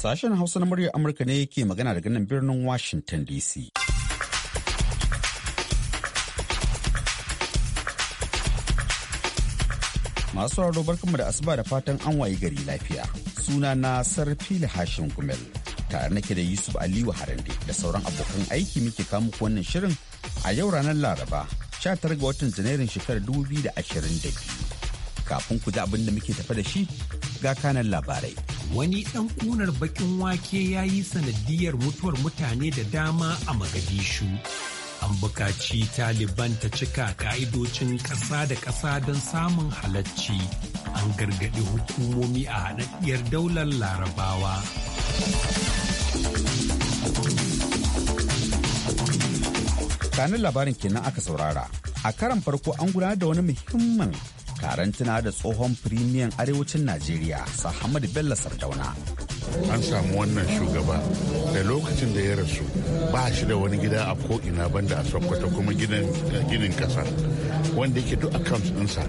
Sashen Hausa na muryar Amurka ne ke magana daga nan birnin Washington DC. Masu sauraro barkanmu da asuba da fatan an wayi gari lafiya. Suna na Sarfili Hashim Gumel. Tare nake da Yusuf Aliyu Harande da sauran abokan aiki muke kamu wannan shirin a yau ranar Laraba 19 ga watan Janairun shekarar 2022. Kafin ku ji abin da muke tafa da shi ga kanan labarai. wani ɗan ƙunar baƙin wake ya yi sanadiyar mutuwar mutane da dama a Magadishu. An bukaci Taliban ta cika ka'idocin ƙasa da ƙasa don samun halacci. An gargaɗi hukumomi a haɗaɗɗiyar daular larabawa. Kanin labarin kenan aka saurara. A karan farko an gudanar da wani muhimman. taron tuna da tsohon firimiyan arewacin najeriya sahamadu bello sardauna an samu wannan shugaba da lokacin da ya rasu ba shi da wani gida a ko'ina banda a sokoto kuma ginin kasa wanda yake duk accounts ɗinsa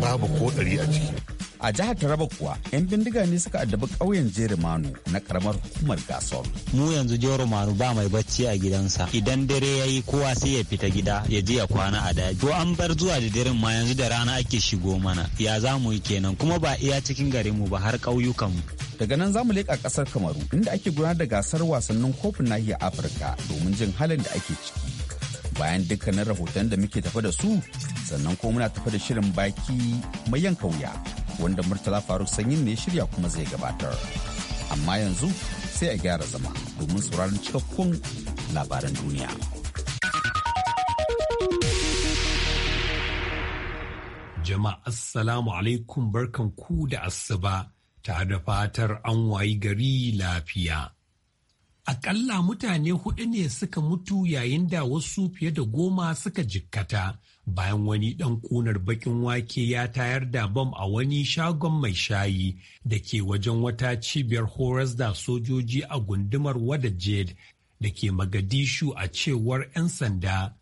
babu ko ɗari a ciki a jihar taraba kuwa yan bindiga ne suka addabi ƙauyen jerumanu na karamar hukumar gasol mu yanzu Jerumanu ba mai bacci a gidansa idan dare ya yi kowa sai ya fita gida ya je ya kwana a daji to an bar zuwa da daren ma yanzu da rana ake shigo mana ya za mu yi kenan kuma ba iya cikin garinmu ba har ƙauyukan mu daga nan za mu leƙa ƙasar kamaru inda ake gudanar da gasar wasannin kofin nahiyar afirka domin jin halin da ake ciki bayan dukkanin rahoton da muke tafa da su sannan ko muna tafa da shirin baki mai yanka wuya wanda Murtala Faruk Sanyin ne shirya kuma zai gabatar. Amma yanzu sai a gyara zama domin sauraron cikakkun labaran duniya. Jama'a Assalamu alaikum barkan ku da asuba ta da fatar an wayi gari lafiya. akalla mutane hudu ne suka mutu yayin da wasu fiye da goma suka jikkata bayan wani ɗan ƙunar bakin wake ya tayar da bam a wani shagon mai shayi da ke wajen wata cibiyar horas da sojoji a gundumar Wada wadajed da ke magadishu a cewar 'yan sanda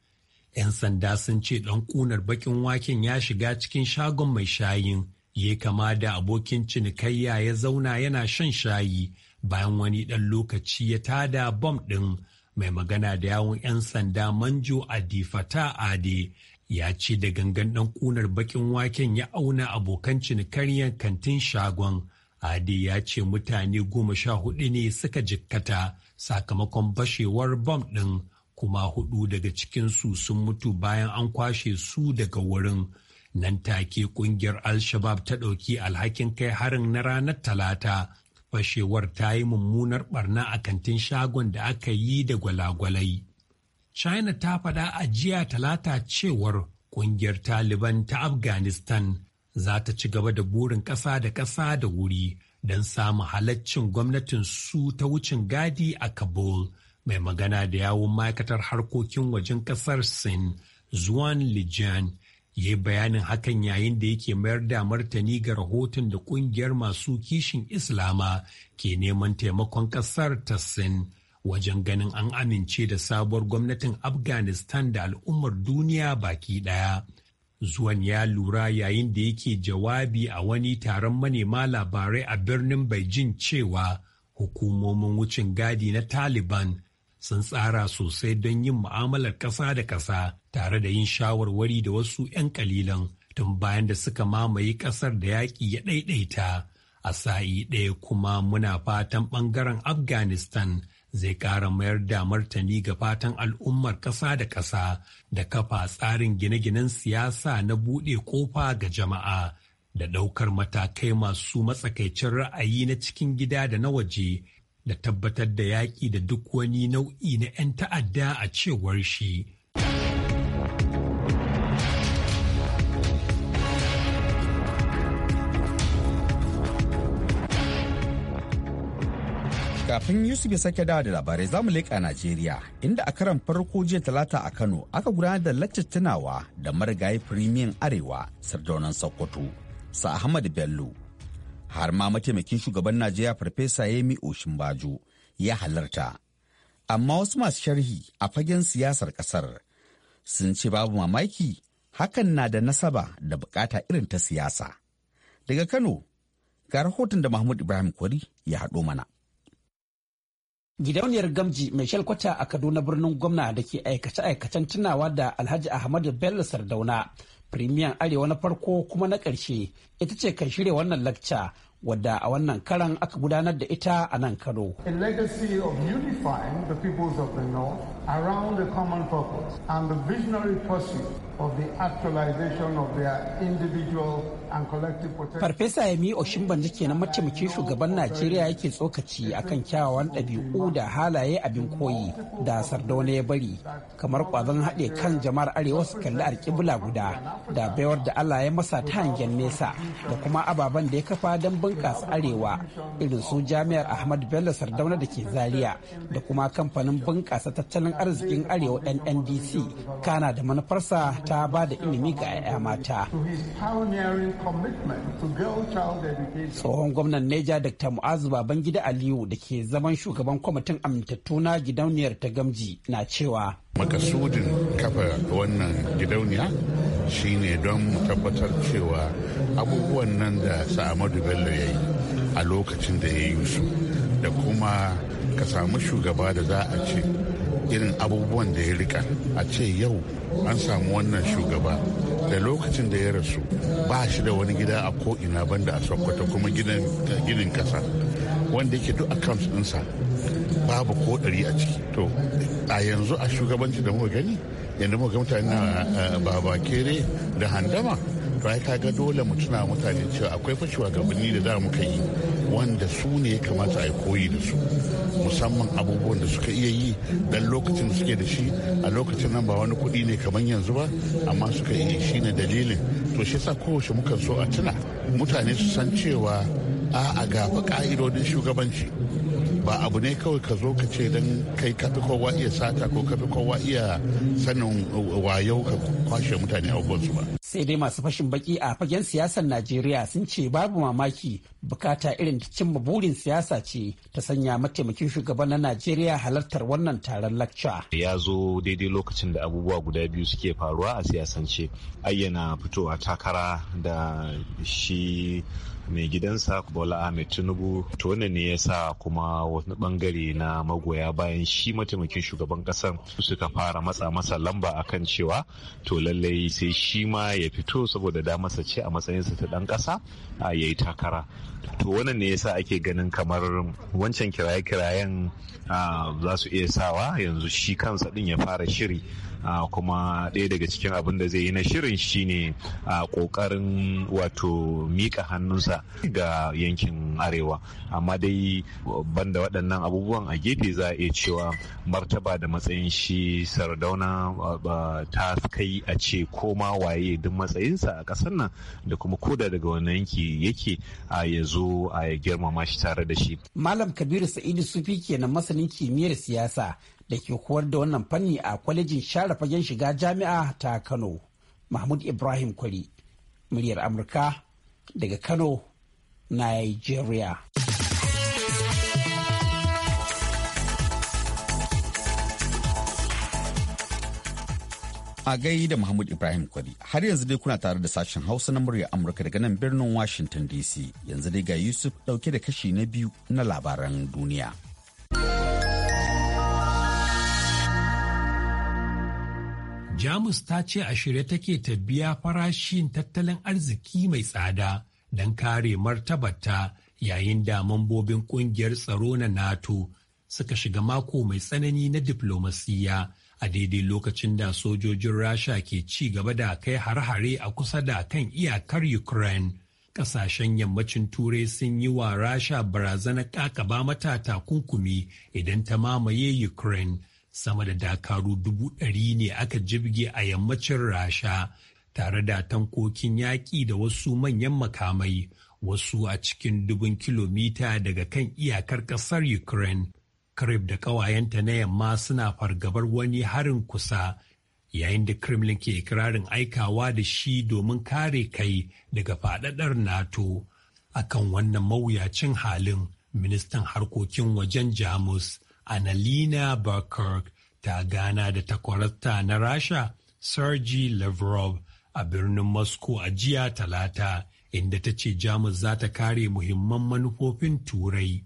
'yan sanda sun ce ɗan ƙunar bakin waken ya shiga cikin shagon mai shayin ya kama da abokin cinikayya ya zauna yana shan shayi bayan wani ɗan lokaci ya tada bom ɗin mai magana da yawon 'yan sanda manjo adifata ade ya ce da gangan ɗan ƙunar bakin waken ya auna abokan cinikaryar kantin shagon ade ya ce mutane goma sha hudu ne suka jikkata sakamakon bashewar bom ɗin kuma hudu daga cikinsu sun mutu bayan an kwashe su daga wurin nan take kungiyar al-shabab ta ɗauki alhakin kai harin na ranar talata fashewar ta yi mummunar barna a kantin shagon da aka yi da gwalagwalai. China ta faɗa a jiya talata cewar ƙungiyar Taliban ta Afghanistan za ta ci gaba da burin ƙasa da ƙasa da wuri don samu halaccin gwamnatin su ta wucin gadi a Kabul mai magana da yawun ma'aikatar harkokin wajen ƙasar Sin Zuan Lijian ya yi bayanin hakan yayin da yake mayar da martani ga rahoton da kungiyar masu kishin islama ke neman taimakon kasar ta sin wajen ganin an amince da sabuwar gwamnatin afghanistan da al'ummar duniya baki daya zuwan ya lura yayin da yake jawabi a wani taron manema labarai a birnin beijing cewa hukumomin wucin gadi na taliban sun tsara sosai don yin mu'amalar kasa da kasa. tare da yin shawarwari da wasu 'yan kalilan tun bayan da suka mamaye kasar da yaƙi ya ɗaiɗaita a sa'i ɗaya kuma muna fatan ɓangaren afghanistan zai ƙara mayar da martani ga fatan al'ummar ƙasa da ƙasa da kafa tsarin gine-ginen siyasa na buɗe ƙofa ga jama'a da ɗaukar matakai masu matsakaicin ra'ayi na cikin gida da na waje da tabbatar da yaƙi da duk wani nau'i na 'yan ta'adda a cewar shi. Kafin Yusuf ya sake dawa da labarai za mu leƙa Najeriya inda a karan farko jiya talata a Kano aka gudanar da laccar tunawa da marigayi firimiyan Arewa Sardaunan Sokoto Sa Ahmad Bello. Har ma mataimakin shugaban Najeriya Farfesa Yemi bajo. ya halarta. Amma wasu masu sharhi a fagen siyasar ƙasar sun ce babu mamaki hakan na da nasaba da bukata irin ta siyasa. Daga Kano, ga rahoton da Mahmud Ibrahim Kwari ya haɗo mana. Gidauniyar Gamji mai shalkwata a Kaduna birnin gwamna da ke aikace-aikacen tunawa da Alhaji Ahmadu Bello Sardauna, premier arewa na farko kuma na ƙarshe, ita ce kan shirya wannan lakca wadda a wannan karan aka gudanar da ita a nan Kano. A legacy of unifying the peoples of the North around a common purpose and the visionary pursuit of the actualization of their individual Farfesa Yemi Oshimbanji kenan mataimakin shugaban Najeriya yake tsokaci akan kyawawan ɗabi'u da halaye abin koyi da Sardauna ya bari kamar ƙwazon haɗe kan jama'ar Arewa su kalli alƙibla guda da baiwar da Allah ya masa ta hangen nesa da kuma ababen da ya kafa don bunƙasa Arewa irin su jami'ar Ahmad Bello Sardauna da ke Zaria da kuma kamfanin bunƙasa tattalin arzikin Arewa NNDC kana da manufarsa ta ba da ilimi ga 'ya'ya mata. Tsohon gwamnan Neja Dr. Mu'azu Babangida Aliyu da ke zaman shugaban kwamitin amintattu na gidauniyar ta gamji na cewa. Makasudin kafa wannan gidauniya shine don mu tabbatar cewa abubuwan nan da Sa'amadu Bello ya yi a lokacin da ya yi su da kuma ka samu shugaba da za a ce irin abubuwan da ya rika a ce yau an samu wannan shugaba da lokacin da ya rasu ba shi da wani gida a ko'ina banda a sokoto kuma ginin kasa wanda yake duk accounts ɗinsa babu ko ɗari a ciki to a yanzu a shugabanci da muka gani yanzu muka mutane na eh, baba kere da handama to ai kaga dole mu tuna mutane cewa akwai fashewa gabanni da za mu kai wanda su ne ya kamata a yi koyi da su musamman abubuwan da suka iya yi dan lokacin suke da shi a lokacin nan ba wani kuɗi ne kamar yanzu ba amma suka yi shi ne dalilin to shi sa kowace mukan so a tuna mutane su san cewa a ga gafa ka'idodin shugabanci ba abu ne kawai ka zo ka ce don kai kafi kowa iya sata ko kafi kowa iya sanin wayau ka kwashe mutane abubuwansu ba. sai dai masu fashin baki a fagen siyasar najeriya sun ce babu mamaki bukata irin cimma burin siyasa ce ta sanya mataimakin shugaban na najeriya halartar wannan taron lakca. ya zo daidai lokacin da abubuwa guda biyu suke faruwa a siyasance ayyana fitowa takara da shi mai gidansa bola ahmed tinubu to wannan ne yasa kuma wani bangare na magoya bayan shi mataimakin shugaban kasan suka fara matsa masa lamba akan cewa to lallai sai shi ma ya fito saboda damarsa ce a matsayinsa ta dan kasa a yayi takara to wannan ne yasa ake ganin kamar wancan kiraye-kirayen za su iya sawa yanzu shi kansa din ya fara shiri Ah, kuma ɗaya daga cikin abin da zai yi na shirin shine a ah, ƙoƙarin wato miƙa hannunsa ga yankin arewa amma dai banda waɗannan abubuwan a gefe za a iya cewa martaba da matsayin shi sardauna ah, ta kai a ce koma waye duk matsayinsa a ƙasar nan da kuma koda daga wani yanki yake a ya zo a ya girmama shi tare da shi malam kabiru sa'idu sufi kenan masanin kimiyyar siyasa da ke koyar da wannan fanni a kwalejin share fagen shiga jami'a ta Kano. Mahmud Ibrahim Kwari, muryar Amurka daga Kano, Nigeria. a gai da Mahmud Ibrahim Kwari. Har yanzu dai kuna tare da sashen Hausa na muryar Amurka daga nan birnin Washington DC. Yanzu dai ga Yusuf dauke da kashi na biyu na labaran duniya. Jamus ta ce a shirye take ta biya farashin tattalin arziki mai tsada don kare martabarta yayin da mambobin kungiyar tsaro na NATO suka shiga mako mai tsanani na diplomasiya a daidai lokacin da sojojin Rasha ke ci gaba da kai har-hare a kusa da kan iyakar Ukraine. Kasashen yammacin Turai sun yi wa Rasha barazanar ƙaƙaba mata takunkumi idan ta mamaye Ukraine. sama da dakaru dubu ɗari ne aka jibge a yammacin rasha tare da tankokin yaƙi da wasu manyan makamai wasu a cikin dubun kilomita daga kan iyakar ƙasar ukraine krib da ƙawayenta na yamma suna fargabar wani harin kusa yayin da kremlin ke ikirarin aikawa da shi domin kare kai daga faɗaɗar nato akan wannan mawuyacin halin ministan harkokin wajen jamus Annalina Bakurk ta gana da takwarata na Rasha Sergei Lavrov a birnin Moscow a jiya talata inda ta ce Jamus za ta kare muhimman manufofin Turai.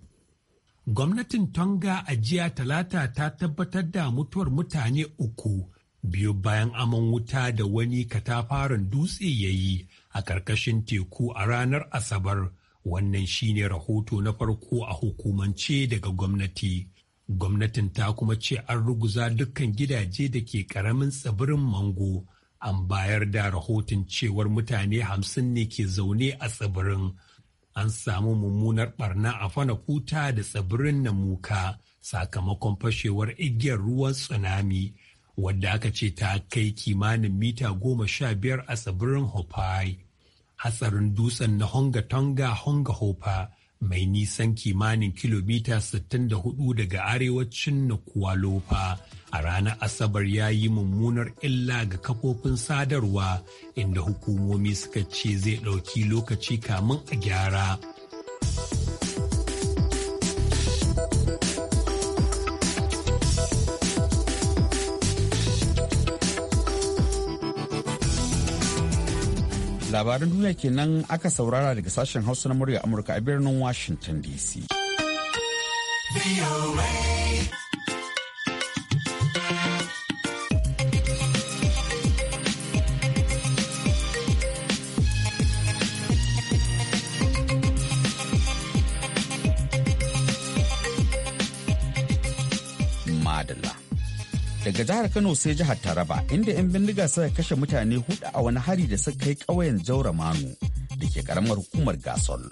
Gwamnatin Tonga a jiya talata ta tabbatar da mutuwar mutane uku biyu bayan aman wuta da wani katafaren dutse ya yi a ƙarƙashin teku a ranar Asabar. Wannan shine rahoto na farko a hukumance daga gwamnati. Gwamnatin ta kuma ce an ruguza dukkan gidaje da ke ƙaramin tsibirin Mango, an bayar da rahoton cewar mutane hamsin ne ke zaune a tsibirin. An samu mummunar barna a fana kuta da tsibirin na muka, sakamakon fashewar igiyar ruwan tsunami. wadda aka ce ta kai kimanin mita goma sha biyar a tsibirin Hopai. Hatsarin dutsen na Honga Tonga Honga Hopa mai nisan kimanin kilomita 64 daga arewacin na Kualofa a ranar Asabar ya yi mummunar illa ga kafofin sadarwa inda hukumomi suka ce zai ɗauki lokaci kamun a gyara. labaran duniya kenan aka saurara daga sashen hausa na murya amurka a birnin washington dc Daga jihar Kano sai jihar Taraba inda 'yan bindiga suka kashe mutane hudu a wani hari da suka kai ƙauyen Jaura Manu da ke karamar hukumar Gasol.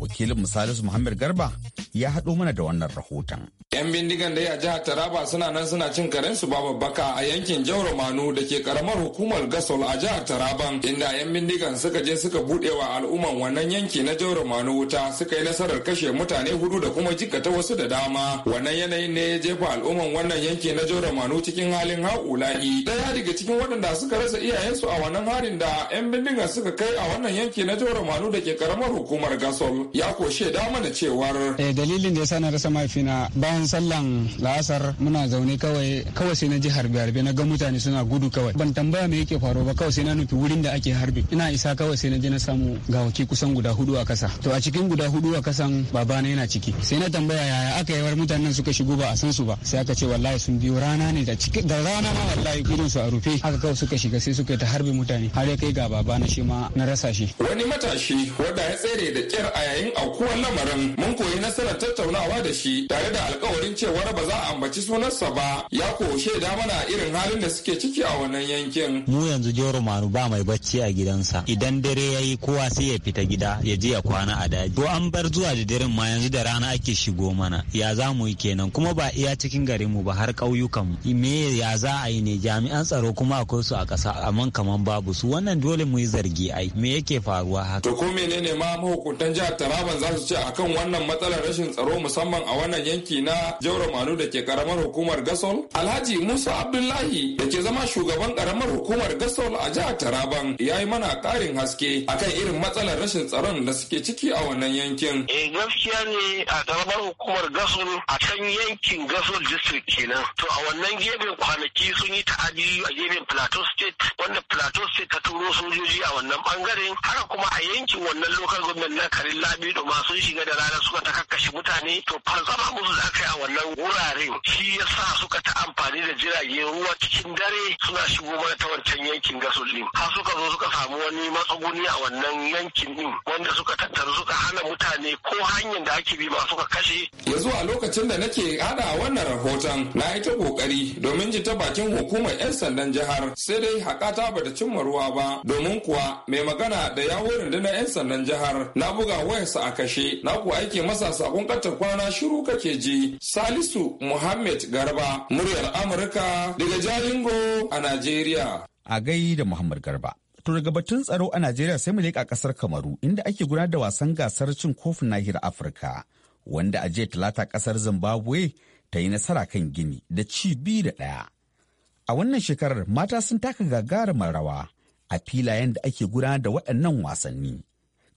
Wakilin Salisu Muhammad Garba ya haɗo mana da wannan rahoton. 'Yan bindigan da a jihar Taraba suna nan suna cin karensu babu baka a yankin Jauro Manu da ke karamar hukumar Gasol a jihar Taraban inda 'yan bindigan suka je suka buɗe wa al'umman wannan yanki na Jauro Manu wuta suka yi nasarar kashe mutane hudu da kuma jikkata wasu da dama. Wannan yanayin ne ya jefa al'umman wannan yanki na Jauro Manu cikin halin ha'ula'i. Ɗaya daga cikin waɗanda suka rasa iyayensu a wannan harin da 'yan bindigan suka kai a wannan yanki na Jauro Manu da ke karamar hukumar Gasol ya koshe da mana cewar. Eh, dalilin da ya sa na rasa mahaifina bayan sallan la'asar muna zaune kawai kawai sai na ji harbe harbe na ga mutane suna gudu kawai ban tambaya me yake faruwa ba kawai sai na nufi wurin da ake harbe ina isa kawai sai na ji na samu ga gawaki kusan guda hudu a kasa to a cikin guda hudu a kasan babana yana ciki sai na tambaya yaya aka yawar mutanen suka shigo ba a san su ba sai aka ce wallahi sun biyo rana ne da cikin da rana ma wallahi irin su a rufe haka kawai suka shiga sai suka ta harbe mutane har ya kai ga babana shi ma na rasa shi wani matashi wanda ya tsere da kyar a yayin aukuwar lamarin mun koyi nasara nasarar tattaunawa da shi tare da alkawarin cewar ba za a ambaci sunansa ba ya ko da mana irin halin da suke ciki a wannan yankin. Mu yanzu Joro Manu ba mai bacci a gidansa idan dare ya yi kowa sai ya fita gida ya je ya kwana a daji. ko an bar zuwa da daren ma yanzu da rana ake shigo mana ya za mu yi kenan kuma ba iya cikin garin mu ba har ƙauyukanmu. mu. Me ya za a yi ne jami'an tsaro kuma akwai su a ƙasa amma kaman babu su wannan dole mu yi zargi ai me yake faruwa haka. To ko menene ma mahukuntan jihar Taraban za su ce akan wannan matsalar rashin rashin tsaro musamman a wannan yanki na Jauro Manu da ke karamar hukumar Gasol. Alhaji Musa Abdullahi da ke zama shugaban karamar hukumar Gasol a jihar Taraban ya yi mana karin haske akan irin matsalar rashin tsaron da suke ciki a wannan yankin. Eh gaskiya ne a karamar hukumar Gasol a kan yankin Gasol district kenan. To a wannan gefen kwanaki sun yi ta'adi a gefen Plateau State wanda Plateau State ta turo sojoji a wannan bangaren haka kuma a yankin wannan lokal gwamnati na Karin Labido ma shiga da rana suka ta kakkashe mutane to fanzama musu da aka yi a wannan wuraren shi ya sa suka ta amfani da jiragen ruwa cikin dare suna shigo mana ta wancan yankin gasolin ha har suka zo suka samu wani matsuguni a wannan yankin din wanda suka tattaru suka hana mutane ko hanyar da ake bi ma suka kashe yanzu a lokacin da nake hada wannan rahoton na yi ta kokari domin ji ta bakin hukumar 'yan sandan jihar sai dai hakata bata cimma ruwa ba domin kuwa mai magana da yawon rundunar 'yan sandan jihar na buga wayarsa a kashe na ku aike masa sako kun kata kwana shiru kake ji salisu muhammed garba muryar amurka daga jaringo a najeriya a gai da muhammad garba to daga batun tsaro a najeriya sai mu leƙa ƙasar kamaru inda ake gudanar da wasan gasar cin kofin nahiyar afirka wanda a jiya talata ƙasar zimbabwe ta yi nasara kan gini da ci biyu da ɗaya a wannan shekarar mata sun taka gagarumar rawa a filayen da ake gudanar da waɗannan wasanni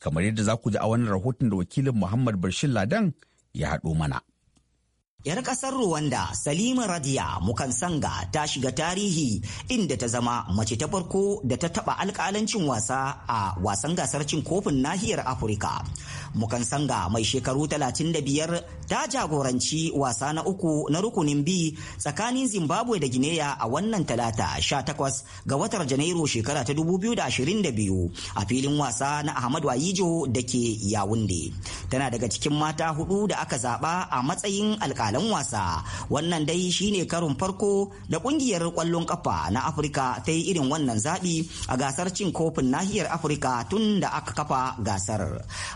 kamar yadda za ku ji a wani rahoton da wakilin Muhammad Bashir Ladan ya haɗo mana. Yar ƙasar Rwanda Salima Radiya Mukansanga ta shiga tarihi inda ta zama mace ta farko da ta taɓa alƙalancin wasa a wasan gasar cin kofin nahiyar Afirka. Mukan mukansanga mai shekaru 35 ta jagoranci wasa na uku na rukunin b tsakanin zimbabwe da guinea a wannan talata 18 ga watar janairu shekara ta 2022 a filin wasa na ahmadu ayijo da ke yawunde tana daga cikin mata hudu da aka zaba a matsayin alkalan wasa wannan dai shine karin farko da kungiyar kwallon kafa na afirka ta yi irin wannan zaɓi a gasar cin kofin nahiyar afirka tun da aka kafa gasar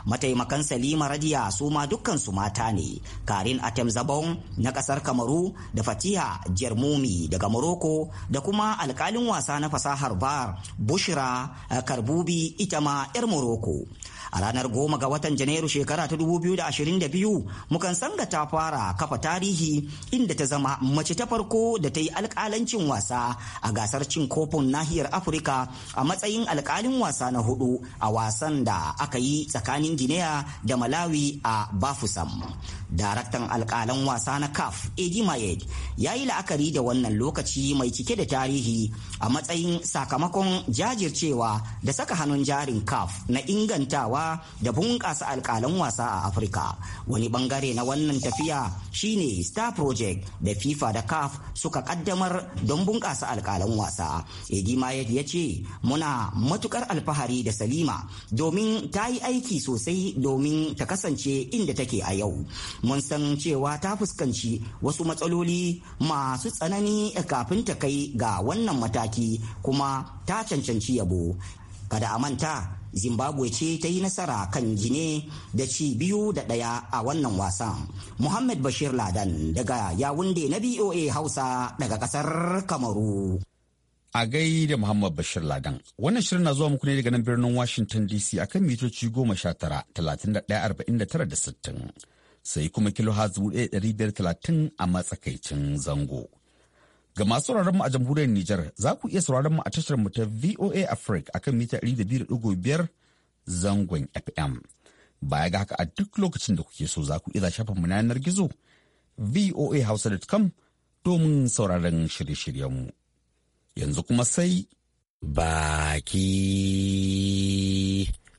mataimaka mataimakan Salima Radiya su ma dukkan mata ne. Karin Atem Zabon na kasar Kamaru da Fatiha Jermumi daga Morocco da kuma alkalin wasa na fasahar Bar Bushra Karbubi ita ma 'yar Morocco. a ranar goma ga watan janairu shekara ta 2022 mukan sanga ta fara kafa tarihi inda ta zama mace ta farko da ta yi alkalancin wasa a gasar cin kofin nahiyar afirka a matsayin alkalin wasa na hudu a wasan da aka yi tsakanin guinea da malawi a bafusam daraktan alkalan wasa na caf edi mayed ya yi la'akari da wannan lokaci mai cike da tarihi a matsayin sakamakon jajircewa da saka hannun jarin caf na ingantawa da bunƙasa alƙalan wasa a afirka wani bangare na wannan tafiya shine star project da fifa da caf suka kaddamar don bunƙasa alƙalan wasa edi mayed ya ce muna matukar alfahari da salima domin ta yi aiki sosai domin ta kasance inda take a yau mun san cewa ta fuskanci wasu matsaloli masu tsanani kafin ta kai ga wannan mataki kuma ta cancanci yabo kada a manta zimbabwe ce ta yi nasara kan gine da ci biyu da ɗaya a wannan wasan muhammad bashir ladan daga yawunde na boa hausa daga ƙasar kamaru a gai da muhammad bashir ladan wannan shirin na zuwa muku ne daga nan birnin washington dc a kan mitoci goma sha tara talatin da ɗaya arba'in da tara da sittin sai kuma kilo hazu ɗaya ɗari biyar talatin a matsakaicin zango Ga masu sauraron mu a jamhuriyar Nijar za ku iya sauraron mu a tashar mu ta VOA Africa akan mita 200.5 zangon FM. Baya ga haka a duk lokacin da kuke so za ku iya shafin mu na yanar gizo voahausa.com domin sauraron shirye-shiryenmu. Yanzu kuma sai baki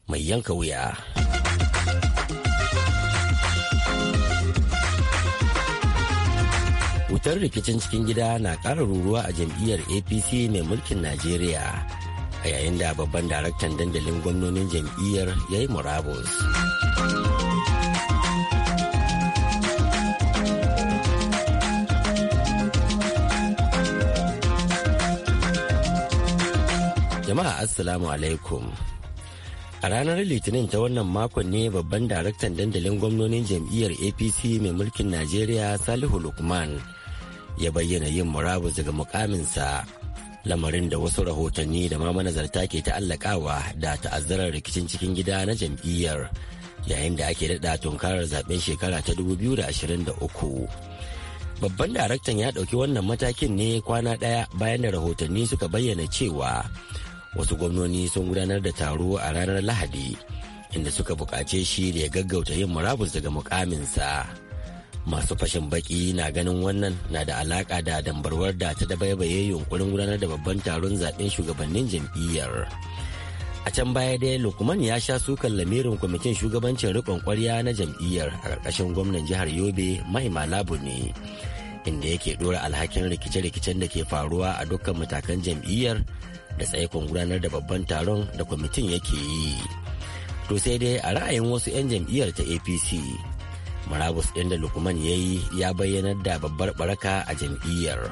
mai yanka wuya. wutar rikicin cikin gida na ƙara ruruwa a jam'iyyar apc mai mulkin najeriya a yayin da babban daraktan dandalin gwamnonin jam'iyyar ya yi murabus jama'a assalamu alaikum A ranar Litinin ta wannan makon ne babban daraktan dandalin gwamnonin jam'iyyar APC mai mulkin Najeriya Salihu Lukman ya bayyana yin murabus daga mukaminsa lamarin da wasu rahotanni da ma manazarta ke ta'allakawa da ta'azzarar rikicin cikin gida na jam'iyyar yayin da ake daɗa tunkarar zaben shekara ta 2023 babban daraktan ya ɗauki wannan matakin ne kwana ɗaya bayan da rahotanni suka bayyana cewa wasu gwamnoni sun gudanar da taro a ranar lahadi inda suka buƙace shi da ya gaggauta yin murabus daga mukaminsa. masu fashin baki na ganin wannan na da alaka da dambarwar da ta dabaibaye yunkurin gudanar da babban taron zaɓen shugabannin jam'iyyar a can baya dai lukman ya sha sukan lamirin kwamitin shugabancin rikon kwarya na jam'iyyar a ƙarƙashin gwamnan jihar yobe mahima labu ne inda yake ɗora alhakin rikice-rikicen da ke faruwa a dukkan matakan jam'iyyar da tsaikon gudanar da babban taron da kwamitin yake yi to sai dai a ra'ayin wasu 'yan jam'iyyar ta apc Murabus ɗin da Lukman ya yi ya bayyanar da babbar ɓaraka a jam'iyyar.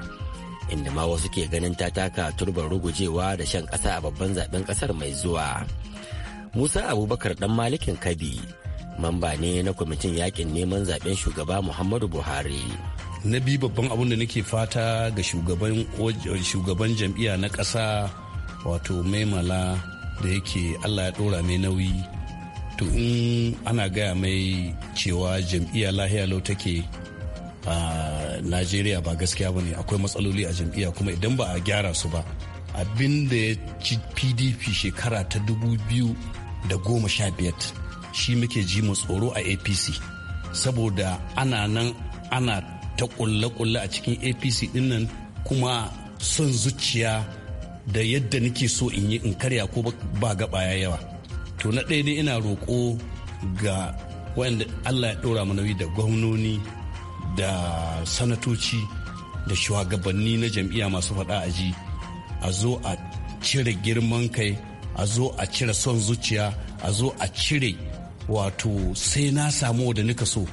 Inda ma wasu ke ganin ta taka turbar rugujewa da shan ƙasa a babban zaben ƙasar mai zuwa. Musa Abubakar ɗan malikin Kabi, mamba ne na kwamitin yakin neman zaben shugaba Muhammadu Buhari. Na bi babban abun da nake fata ga shugaban jam'iyya na ƙasa wato maimala da yake Allah ya ɗora mai nauyi to in ana gaya mai cewa jam'iyya lahiya lau take a najeriya ba gaskiya ba ne akwai matsaloli a jam'iyya kuma idan ba a gyara su ba abin da ya ci pdp shekara ta dubu biyu da goma sha biyar shi muke ji mu tsoro a apc saboda ana nan ana ta kulle-kulle a cikin apc dinnan kuma son zuciya da yadda nake so in yi in karya ko ba gaba yawa to na ɗaya dai ina roƙo ga wanda allah ya ɗora mana da gwamnoni da sanatoci da shugabanni na jam'iyya masu faɗa a ji. a zo a cire girman kai a zo a cire son zuciya a zo a cire wato sai na samu da nika so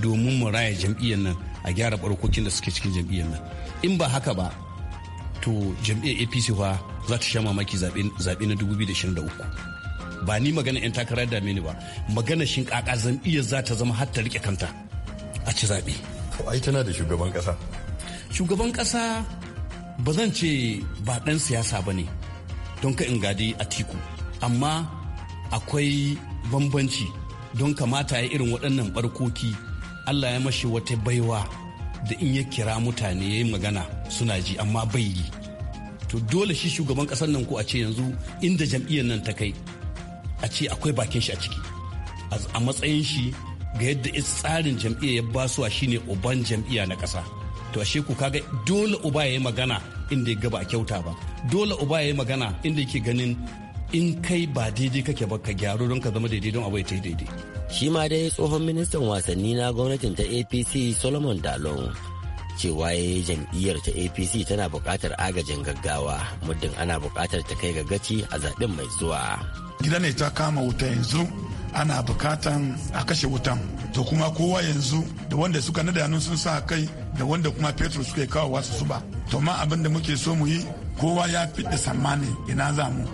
domin mu raya jam'iyyar nan a gyara barkokin da suke cikin jam'iyyar nan in ba haka ba to jam'iyyar apc fa za ta sha mamaki zaɓe na 2023 ba ni magana 'yan takarar da mini ba magana shin kaka iya za ta zama har ta rike kanta a ci zaɓe. ai tana da shugaban ƙasa. shugaban ƙasa ba zan ce ba ɗan siyasa ba ne don ka in gadi a tiku amma akwai bambanci don kamata ya irin waɗannan barkoki allah ya mashi wata baiwa da in ya kira mutane ya yi magana suna ji amma bai yi to dole shi shugaban ƙasar nan ko a ce yanzu inda jam'iyyar nan ta kai a ce akwai bakin shi a ciki a matsayin shi ga yadda tsarin jam'iyya ya basuwa shine uban jam'iyya na kasa to ashe ku kaga dole uba ya yi magana inda ya gaba a kyauta ba dole uba ya yi magana inda yake ganin in kai ba daidai kake ba ka gyaru don ka zama daidai don abu ya ta daidai shi ma dai tsohon ministan wasanni na gwamnatin ta apc solomon dalon cewa ya yi jam'iyyar ta apc tana buƙatar agajin gaggawa muddin ana buƙatar ta kai ga a zaɓen mai zuwa gida ne ta kama wuta yanzu ana bukatan a kashe wutan to kuma kowa yanzu da wanda suka nada hannun sun sa kai da wanda kuma fetur suke kawo wasu su ba to ma abin da muke so mu yi kowa ya fiɗa sammani ina za mu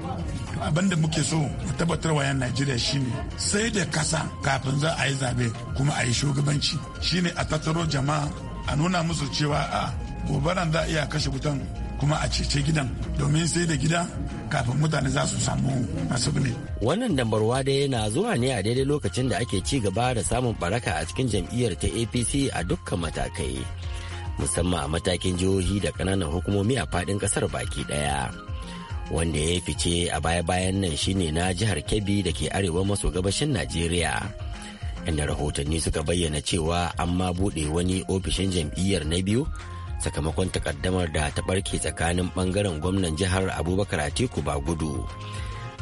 abin da muke so mu tabbatar wa yan najeriya shine sai da kasa kafin za a yi zabe kuma a yi shugabanci shine a tattaro jama'a a nuna musu cewa a gobaran za a iya kashe wutan kuma a cece gidan domin sai da gida kafin mutane za su samu ne. Wannan dambarwa da yana zuwa ne a daidai lokacin da ake ci gaba da samun baraka a cikin jam'iyyar ta APC a dukkan matakai. Musamman a matakin jihohi da ƙananan hukumomi a faɗin ƙasar baki ɗaya. Wanda ya fice a baya-bayan nan shine na jihar Kebbi da ke arewa maso gabashin Najeriya. Inda rahotanni suka bayyana cewa an ma buɗe wani ofishin jam'iyyar na biyu sakamakon takaddamar da ta barke tsakanin bangaren gwamnan jihar abubakar atiku ba gudu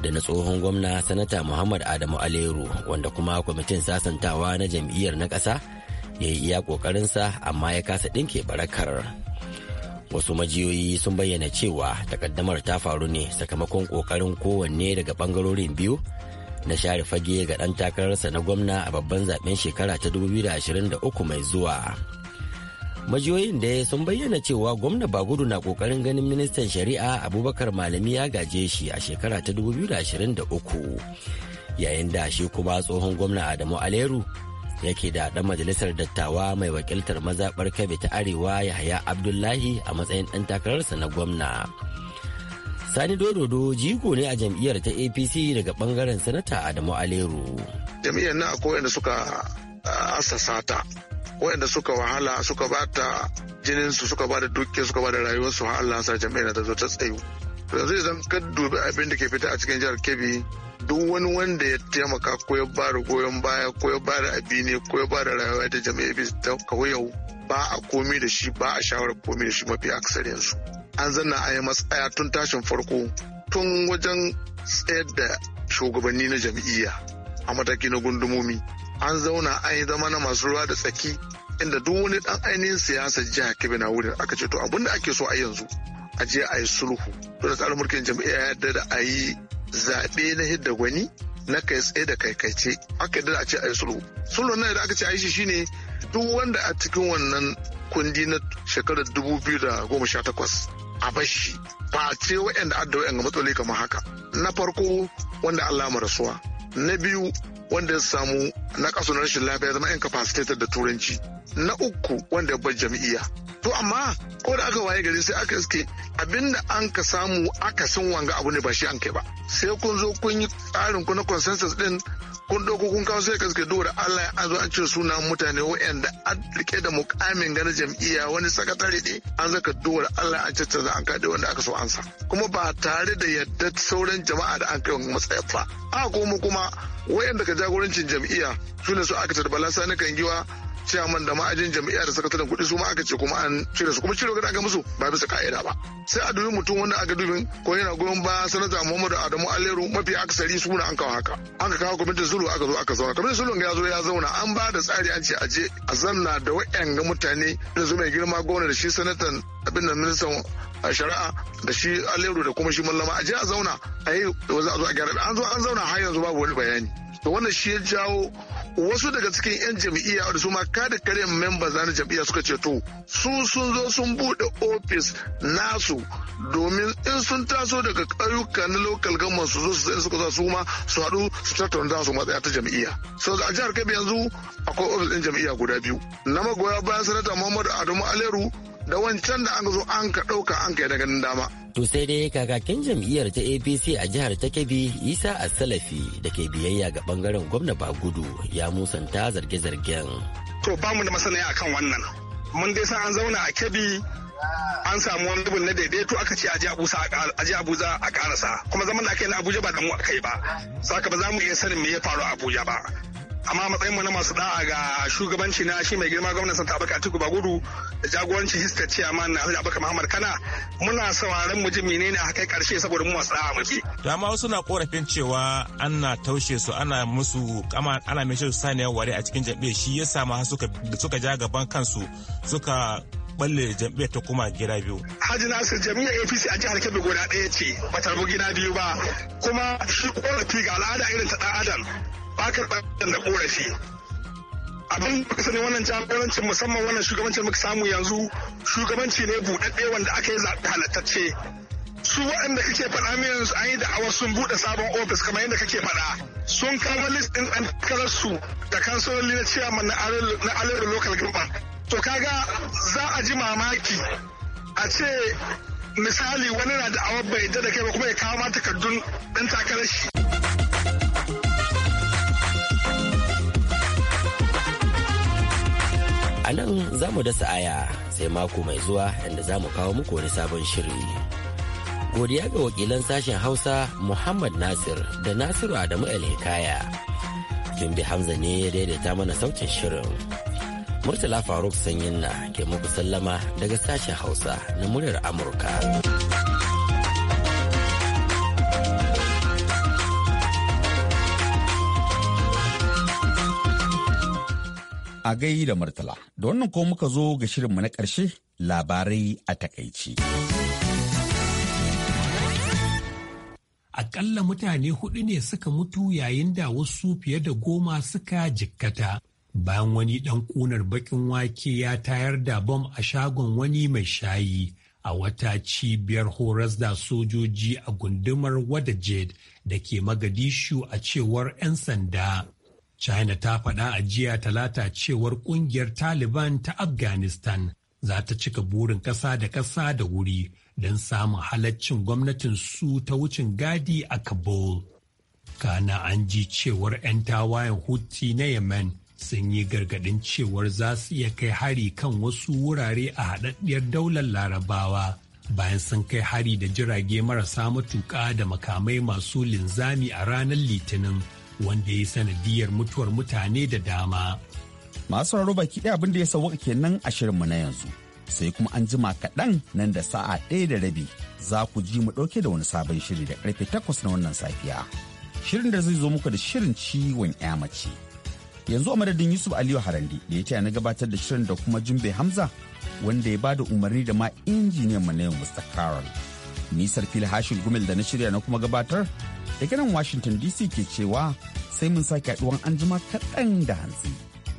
da na tsohon gwamna sanata muhammad adamu alero wanda kuma kwamitin sasantawa na jam'iyyar na ƙasa ya yi iya ƙoƙarinsa amma ya kasa ɗinke barakar wasu majiyoyi sun bayyana cewa takaddamar ta faru ne sakamakon ƙoƙarin kowanne daga bangarorin biyu na share fage ga ɗan takararsa na gwamna a babban zaben shekara ta 2023 mai zuwa. majiyoyin da ya sun bayyana cewa gwamna bagudu na kokarin ganin ministan shari'a abubakar malami ya gaje shi a shekara ta 2023 yayin da shi kuma tsohon gwamna adamu aleru yake da dan majalisar dattawa mai wakiltar mazaɓar kabe ta arewa yahaya abdullahi a matsayin ɗan takararsa na gwamna sani dododo jigo ne a jam'iyyar ta apc daga bangaren sanata adamu aleru jam'iyyar na akwai wanda suka ah, asasa ta waɗanda suka wahala suka bata jininsu suka bada dukiya suka bada rayuwarsu har Allah sa jami'a ta zo ta tsayu yanzu idan ka dubi abin da ke fita a cikin jihar Kebbi duk wani wanda ya taimaka ko ya ba da goyon baya ko ya da abi ne ko ya ba da rayuwa ta jami'a bi ta kawai ba a komi da shi ba a shawarar komi da shi mafi aksarin su an zanna a yi matsaya tun tashin farko tun wajen tsayar da shugabanni na jam'iyya a mataki na gundumomi an zauna an yi zama na masu ruwa da tsaki inda duk wani dan ainihin siyasar jiha kebe na wurin aka ce to abin da ake so a yanzu a je a yi sulhu to da tsarin mulkin jam'iyya ya yarda da a yi zaɓe na hidda gwani na kai tsaye da kai kaikaice aka yarda a ce a yi sulhu sulhu na da aka ce a yi shi shine duk wanda a cikin wannan kundi na shekarar dubu biyu da goma sha takwas a bashi ba ce waɗanda adda ga matsaloli kamar haka na farko wanda Allah rasuwa na biyu wanda ya samu na kaso na rashin lafiya zama incapacitated da turanci na uku wanda ya bar jam'iyya to amma ko da aka waye gari sai aka iske abinda an ka samu aka san wanga abu ne ba shi an kai ba sai kun zo kun yi tsarin ku na consensus din kun dauko kun kawo sai kaske dole Allah ya zo an ce suna mutane waɗanda an rike da mukamin gana jam'iyya wani sakatare ne an zaka dole Allah an za an kaɗe wanda aka so an sa kuma ba tare da yadda sauran jama'a da an kai matsayar fa a kuma kuma waɗanda ka jagorancin jam'iyya su ne su aka tarbala bala sani kan giwa ciyaman da ma'ajin jami'a da sakataren kuɗi su ma aka ce kuma an cire su kuma cire gada aka musu ba bisa ka'ida ba sai a dubi mutum wanda aka dubin ko yana goyon ba sanata muhammadu adamu aleru mafi akasari su an kawo haka an ka kawo kwamitin zulu aka zo aka zauna kwamitin zulu ya zo ya zauna an ba da tsari an ce a je a zanna da wa'yan ga mutane da zo mai girma gwamna da shi sanatan abin da ministan shari'a da shi aleru da kuma shi mallama a je a zauna a yi wanzu a zo a gyara an zo an zauna har yanzu babu wani bayani to wannan shi ya jawo wasu daga cikin 'yan jam'iyya da su ma kada kare memba na jam'iyya suka ce to su sun zo sun bude ofis nasu domin in sun taso daga ƙauyuka na local government su zo su zai suka su ma su haɗu su tattauna su matsaya ta jam'iyya so a jihar kebbi yanzu akwai ofis ɗin jam'iyya guda biyu na magoya bayan sanata muhammadu adamu aleru da wancan da an zo an ka ɗauka an kai daga nan dama. To sai dai kakakin jam'iyyar ta APC a jihar ta Kebbi Isa Asalafi da ke biyayya ga bangaren gwamna Bagudu ya musanta zarge-zargen. To ba mu da masaniya akan wannan. Mun dai san an zauna a Kebbi an samu wani rubin na daidaito aka ce aji abusa aji abuja a karasa kuma zaman da aka yi na abuja ba da mu kai ba saka ba za mu iya sanin me ya faru a abuja ba amma matsayin mu na masu da'a ga shugabanci na shi mai girma gwamnati santa abaka atiku bagudu da jagorancin hista ciyaman na alhaji abaka muhammad kana muna sauraron mu ji menene a kai karshe saboda mu masu da'a muke to amma wasu na korafin cewa ana taushe su ana musu kama ana mai su saniyar ware a cikin jam'iyyar shi yasa ma suka suka ja gaban kansu suka balle jam'iyyar ta kuma gida biyu. Haji Nasir jam'iyyar APC a jihar Kebbi guda ɗaya ce ba ta gida biyu ba kuma shi korafi ga al'ada irin ta ɗan adam ba ka tsarin da korafi abin da sani wannan jagorancin musamman wannan shugabancin muka samu yanzu shugabanci ne buɗaɗɗe wanda aka yi zaɓe halattacce su waɗanda kake faɗa min yanzu an yi da'awar sun buɗe sabon ofis kamar yadda kake faɗa sun kama list ɗin ɗan su da kansololi na ciyaman na alayyar local government to kaga za a ji mamaki a ce misali wani na da'awar bai da kai ba kuma ya kawo ma takardun ɗan takarar shi a nan za mu dasa aya sai mako mai zuwa inda za mu kawo muku wani sabon shiri godiya ga wakilan sashen hausa muhammad nasir da nasiru adamu el hikaya jumbi hamza ne ya daidaita mana sautin shirin murtala faruk sanyin na ke muku sallama daga sashen hausa na muryar amurka a gai da Murtala. Da wannan ko muka zo ga shirinmu na ƙarshe labarai a takaici. Aƙalla mutane hudu ne suka mutu yayin da wasu fiye da goma suka jikkata. Bayan wani ɗan ƙunar baƙin wake ya tayar da bom a shagon wani mai shayi a wata cibiyar horas da sojoji a gundumar Wadajed da ke Magadishu a cewar 'yan sanda. China ta faɗa a jiya talata cewar ƙungiyar Taliban ta Afghanistan za ta cika burin ƙasa da ƙasa da wuri don samun halaccin gwamnatin su ta wucin gadi a Kabul. Kana an ji cewar 'yan tawayen Houthi na Yemen sun yi gargaɗin cewar za su iya kai hari kan wasu wurare a haɗaɗɗiyar daular larabawa bayan sun kai hari da jirage marasa matuƙa da makamai masu linzami a ranar litinin wanda ya sanadiyar mutuwar mutane da dama. Masu raro baki ɗaya abin da ya sauwaka kenan a shirinmu na yanzu. Sai kuma an jima kaɗan nan da sa'a ɗaya da rabi za ku ji mu ɗauke da wani sabon shiri da ƙarfe takwas na wannan safiya. Shirin da zai zo muku da shirin ciwon ya mace. Yanzu a madadin Yusuf Aliyu Harande da ya taya na gabatar da shirin da kuma Jumbe Hamza wanda ya bada umarni da ma injiniyan mu na yau Mr. Carol. Nisar fili hashin gumel da na shirya na kuma gabatar da ganin Washington DC ke cewa sai mun sake haɗuwan anjima kaɗan da hantsi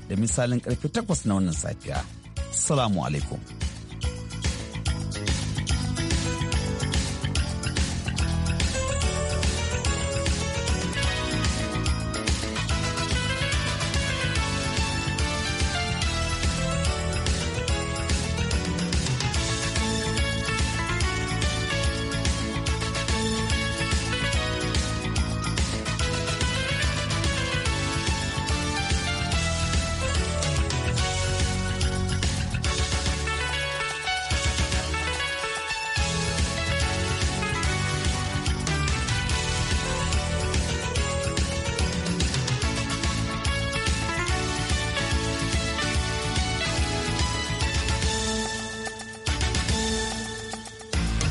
da misalin karfe takwas na wannan safiya. Salamu alaikum.